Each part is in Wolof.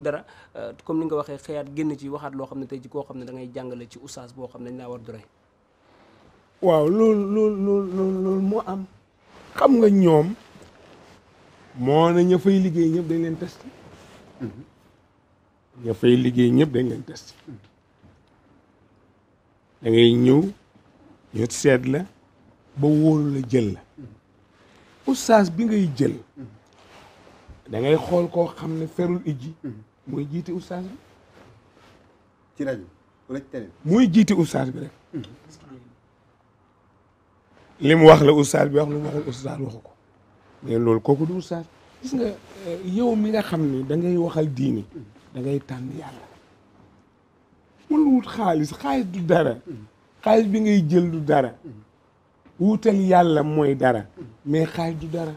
dara euh, comme ni nga waxee xëyaat génn ci waxaat loo xam ne tey ci koo xam ne da ngay jàngale ci oustaz boo xam ne dañ laa war du moo am xam nga ñoom moo na liggéey ñëpp dañ leen testé mm-hmm. ña liggéey ñëpp dañ leen testé ñëw ñu seet la ba wóolu la jël la mm-hmm. oustaz bi ngay jël dangay ngay xool koo xam ne ferul ijji mm-hmm. muy jiite oustaz bi. ci rajo wala ci télé. jiite oustaz bi rek. li mu wax la oustaz bi wax lu mu waxul oustaz waxu ko loolu kooku du oustaz gis nga eh, yow mi nga xam ni dangay ngay waxal diini dangay tànd tànn yàlla. mën wut xaalis xaalis du dara. xaalis bi ngay jël du dara. wuutal yàlla mooy dara. mais xaalis du dara.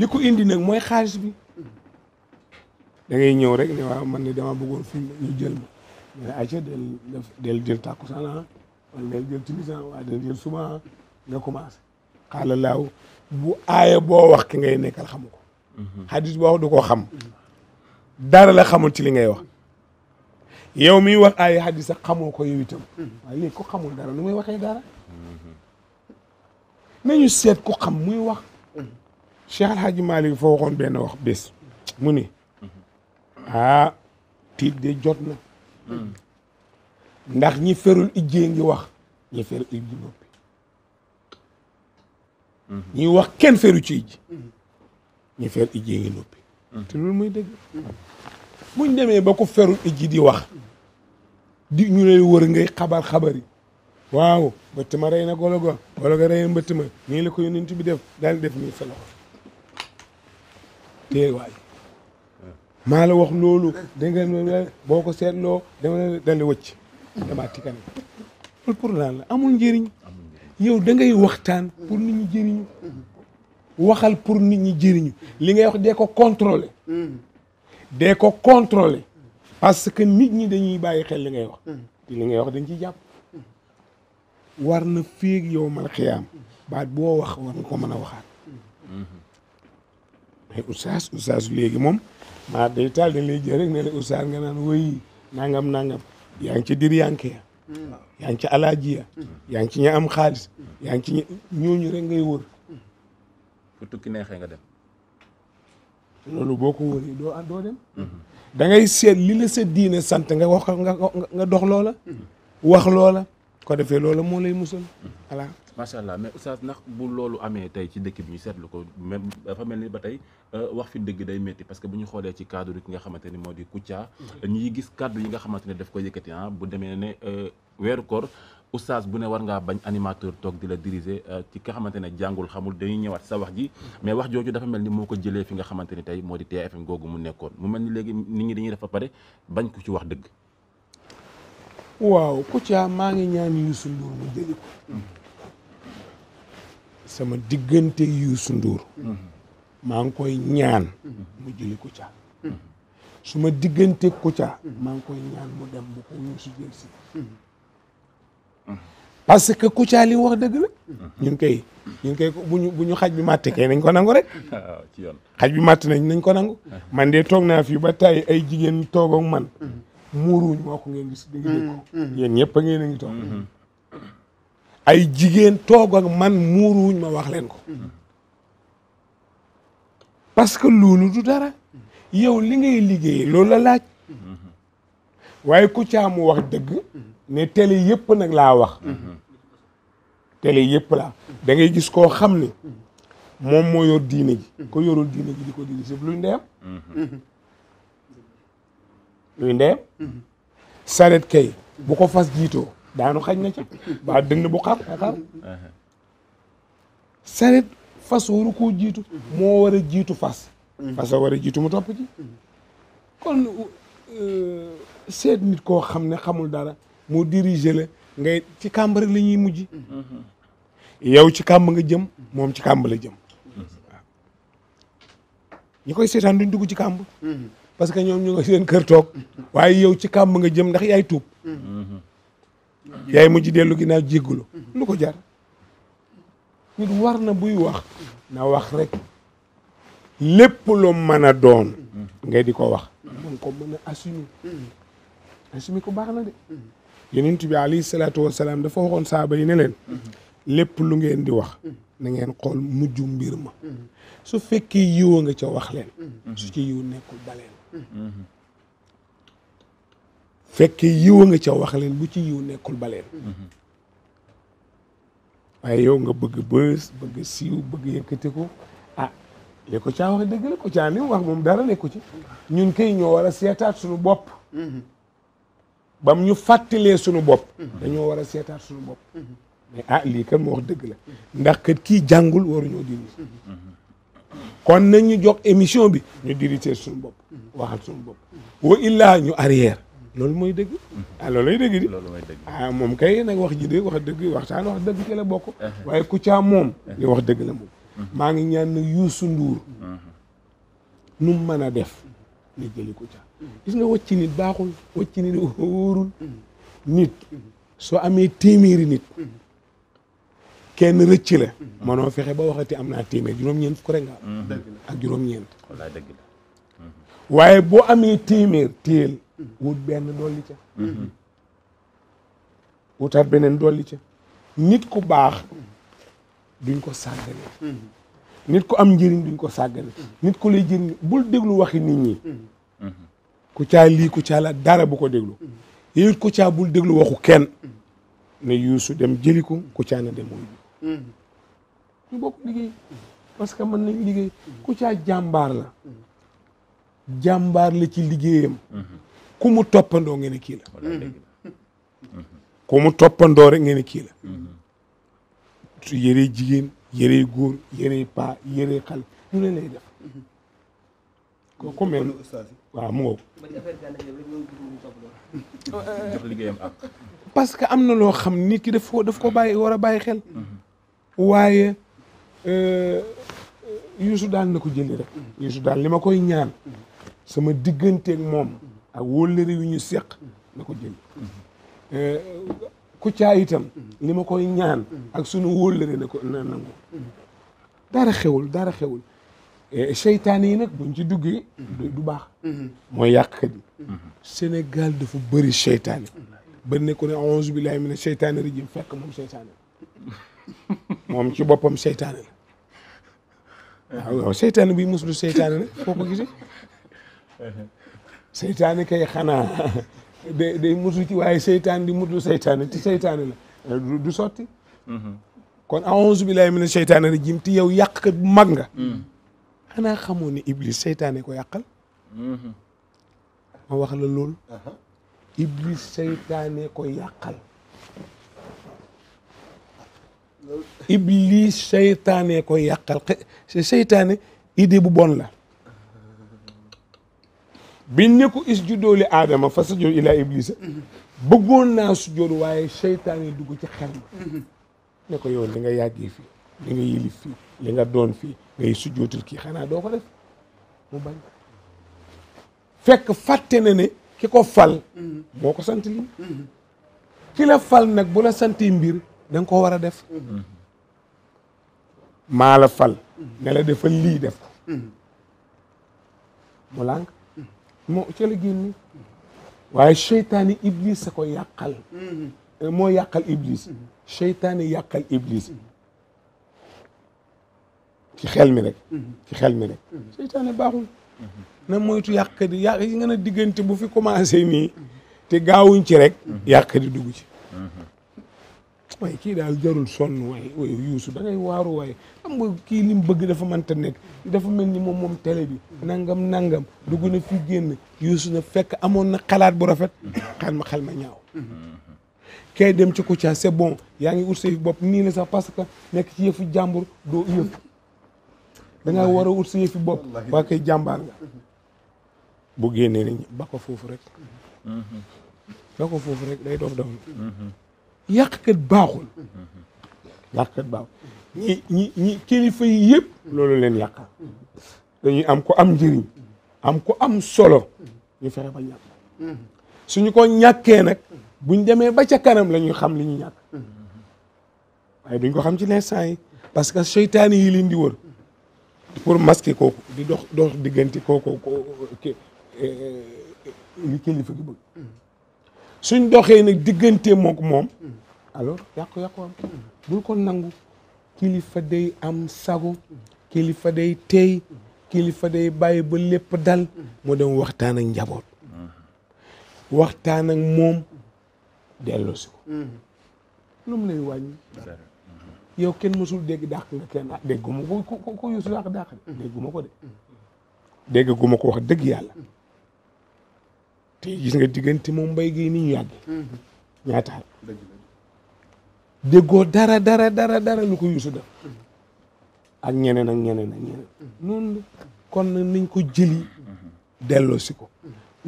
li ko indi nag mooy xaalis bi dangay ngay ñëw rek ne waaw man ne dama bëggoon film ñu jël ma mais ayca del del jël takkusaan ah, del jël timisan ah, wala del jël suba ah, nga commencé xaala laaw bu aaya boo wax ki ngay nekkal xamu ko mhm. xadis boo wax du ko xam dara la xamul ci li ngay wax yow miy wax aaya xadis sax xamoo ko yow itam mhm. ko xamul dara nu muy waxee dara nañu seet ko xam muy wax mhm. Cheikh Al Hadj Malick foo waxoon benn wax bés mu ni ah tiit de jot na ndax ñi ferul ijjee ngi wax ñi ferul ijji noppi ñi wax kenn feru ci ijji ñi fer ijjee ngi noppi te loolu muy dëgg buñ demee ba ko ferul ijji di wax di ñu ne wër ngay xabar xabar yi waaw mbëtt ma rey na golo ga golo ga rey na mbëtt ma nii la ko yonent bi def daal def nii sa loxo téye waay maa la wax loolu da nga boo ko seetloo dama dañ la wëcc damaa tikkane loolu pour lan la amul njëriñ yow da ngay waxtaan pour nit ñi jëriñu waxal pour nit ñi jëriñu li ngay wax de ko contrôler dee ko contrôler parce que nit ñi dañuy bàyyi xel li ngay wax te li ngay wax dañ ciy jàpp war na féeg yow mal xiyaam baat boo wax war nga ko mën a waxaat ay oustaz oustaz léegi moom maa day taal dañ ne la nga naan woy nangam nangam yaa ngi ci dir yanke ya ngi ci alaaji ya yaa ngi ci ña am xaalis yaa ngi ci ñooñu rek ngay wër fu tukki neexee nga dem loolu boo ko wëree doo doo dem da ngay seet li la sa diine sant nga wax nga nga dox loola wax loola ko defee loolu moo lay musal voilà. macha allah mais oustaz ndax bu loolu amee tey ci dëkk bi ñu seetlu ko même dafa mel ni ba tey euh, wax fi dëgg day métti parce que bu ñu xoolee ci cadre ki nga xamante ni moo di Kouthia. ñuy gis kàddu yi nga xamante ne daf ko yëkkati ah bu demee ne euh, weeru koor oustaz bu ne war ngaa bañ animateur toog di la diriger euh, ci nga xamante ne jàngul xamul dañuy ñëwaat sa wax ji. mais wax jooju dafa mel ni moo ko jëlee fi nga xamante ni tey moo di TFM mu nekkoon mu mel ni léegi nit ñi dañuy def ba pare bañ ko ci wax dëgg. waaw Kouthia maa ngi ñaan Youssou Ndour mu jëli ko sama diggante Youssou Ndour maa ngi koy ñaan mu jëli Kouthia su ma diggante Kouthia maa ngi koy ñaan mu dem bu ko Youssou jël si parce que li wax dëgg la ñun koy ñun koy buñu bu ñu xaj bi màtt kay nañ ko nangu rek ci yoon xaj bi màtt nañ nañ ko nangu man de toog naa fii ba tey ay jigéen toog ak man muuruñ moo ko ngeen gis. da ngeen ko mm, mm. yéen ñëpp a ngeen a ngi toog. ay jigéen toog ak man muuruñ ma wax leen ko. Mm. parce que loolu du dara. yow li ngay liggéey loolu la laaj. waaye ku caa mu wax dëgg. ne télé yëpp nag laa wax. télé yëpp laa da gis koo xam ne moom moo yor diine ji. ko yorul diine ji di ko diri sëb luñ ndeyam. Mm-hmm. luy ndeyam saret kay bu ko fas jiitoo daanu xañ na ca ba dënn bu xar xar fas waru jiitu moo war a jiitu fas fas a war a jiitu mu topp ci kon euh, seet nit koo xam ne xamul dara mu diriger la ngay ci kàmb rek la ñuy mujj yow ci kàmb nga jëm moom ci kàmb la jëm koy seetaan duñ dugg ci kàmb parce que ñoom ñu nga seen kër toog waaye yow ci kàmb nga jëm ndax yaay tuub yaay mujj dellu ginnaaw jéggulu lu ko jar nit war na buy wax na wax rek lépp lu mën a doon nga di ko wax man ko mën ko baax na de yonent bi alayhi salaatu wasalaam saaba yi ne leen lépp lu ngeen di wax ngeen xool mujj mbir ma su fekkee yiwa nga ca wax leen su ci yiw nekkul baleen fekk yiw a nga ca wax leen bu ci yiw nekkul baleen waaye yow nga bëgg bës bëgg siiw bëgg yëkkati ko ah li ko caa wax dëgg ko caa ni wax moom dara nekku ci ñun kay ñoo war a seetaat suñu bopp mu ñu fàttalee suñu bopp dañoo war a seetaat suñu bopp mais ah lii kan moo wax dëgg la ki kat kii jàngul waruñoo dindi kon nañ ñu jox émission bi ñu diriger suñu bopp waxal suñu bopp wa illaa ñu arrière loolu mooy dëgg ah loolu lay dëgg di a ah, moom kay nag wax ji de wax dëgg waxtaan wax dëgg ci la bokk uh-huh. waaye Kouthia moom uh-huh. li wax dëgg la moom uh-huh. maa ngi ñaan na Youssou Ndour nu mu mën a def ñu jëli Kouthia gis nga wacci nit baaxul wacci nit wóorul nit soo amee téeméeri nit kenn rëcc la manoo fexe ba waxati am naa téeméer juróom-ñeent fukk rek nga am ak juróom-ñeent wallaay dëgg mhm. waaye boo amee téeméer téel wut benn dolli ca mhm. wutaat beneen dolli ca nit ku baax duñ ko sàggane mhm. nit ku am njëriñ duñ ko sàggane nit ku lay jëriñ bul déglu waxi nit ñi ku caa lii ku caa la dara bu ko déglu yéen ku caa bul déglu waxu kenn ne yuusu dem jëli ko ku caa na dem wuyu ñu bokk liggéey parce que mën nañ liggéey ku caa jàmbaar la jàmbaar la ci liggéeyam ku mu toppandoo ngeen ne kii la ku mu toppandoo rek ngeen ne kii la yëre jigéen yëre góor yëre paa yëre xale ñu ne lay def que am na loo xam nit ki daf ko daf ko bàyyi war a bàyyi xel waaye euh, euh, Youssou daan na ko jëli rek Youssou daal li ma koy ñaan sama digganteeg moom ak wóllëre yu ñu seq na ko jëli euh, Kouthia itam li ma koy ñaan ak sunu wóllëre na ko na nangu dara xewul dara xewul seytaane yi nag buñ ci duggee du baax mooy yàqkat yi Sénégal fu bëri seytaane ba ne ko ne onze billahi mina seytaane ji fekk moom seytaane moom ci boppam seytaane la waaw waaw seytaane buy muslu seytaane la foo ko gisee seytaane kay xanaa day day muslu ci waaye seytaane di muslu seytaane te seytaane la du sotti kon aouzu billahi mina seytaane rajim te yow bu mag nga xanaa ko yàqal ma wax la iblis seytaane ko yàqal mm-hmm. iblis seytaane ko yàqal xe seytaane idée bu bon la biñ ne ko isjuddoo li aadama fa sajud ila iblis bëggoon naa sujjood waaye seytaane dugg ci xel ma ne ko yow li nga yàggee fii li nga yilif fii li nga doon fii ngay sujjootul kii xanaa doo ko def mu bañ fekk ki ko fal mm-hmm. moo ko sant lii ki la fal nag bu la santee mbir da nga koo war a def. Mm-hmm. maa fal. ne la defal lii def ko. mu lànk moo ca la génn iblis sa ko yàqal. Mm-hmm. moo yàqal iblis. Mm-hmm. seytaani yàqal iblis. ci xel mi rek. ci xel mi rek. seytaani baaxul. na moytu yàq di yàq yi nga ne diggante bu fi commencé nii. te gaawuñ ci rek. yàq dugg ci. waaye kii daal jarul sonn waaye waaye yuusu da waaru waaye xam nga kii li mu bëgg dafa mënta nekk dafa mel ni moom moom télé bi nangam nangam dugg na fi génn yuusu na fekk amoon na xalaat bu rafet xal ma xel ma ñaaw kay dem ci Kouthia c'est bon yaa ngi ut sa yëf bopp nii la sax parce que nekk ci yëfu jàmbur doo yëf da nga war a ut sa yëfi bopp waa koy jàmbaar nga bu génnee ni ba ko foofu rek mhm. ba ko foofu rek day dof dof mhm. yàqkat baaxul yàqkat baaxul ñi kilifa yi yëpp loolu leen yàqal dañuy am ko am njëriñ am ko am solo ñu fexe ba ñàkk suñu ko ñàkkee nag buñ demee ba ca kanam la ñuy xam li ñu ñàkk waaye duñ ko xam ci l'instant yi parce que seytaane yi leen di wër pour di dox dox diggante kooku ko eh, eh, eh, li kilifa gi bëgg suñ doxee nag diggante mook moom hmm. alors yàqu-yàqu am hmm. bul ko nangu kilifa day am sago hmm. kilifa day teey kilifa day bàyyi ba lépp dal mu dem waxtaan ak njaboot waxtaan ak moom delloosi ko lu mu lay wàññi yow kenn mësul dégg dàq nga kenn ah, dégguma ko ko ko ko de dégg guma ko wax dëgg yàlla te gis nga ti moom mbay gi ni ñu yàgg. Mhm. ñaata at. déggoo dara dara dara dara lu ko yuusu def. Mhm. ak ñeneen ak ñeneen ak ñeneen. Mhm. noonu kon nañ ko jëli. delloo si ko.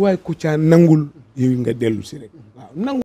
waaye ku caa nangul. yow nga dellu si rek nangu.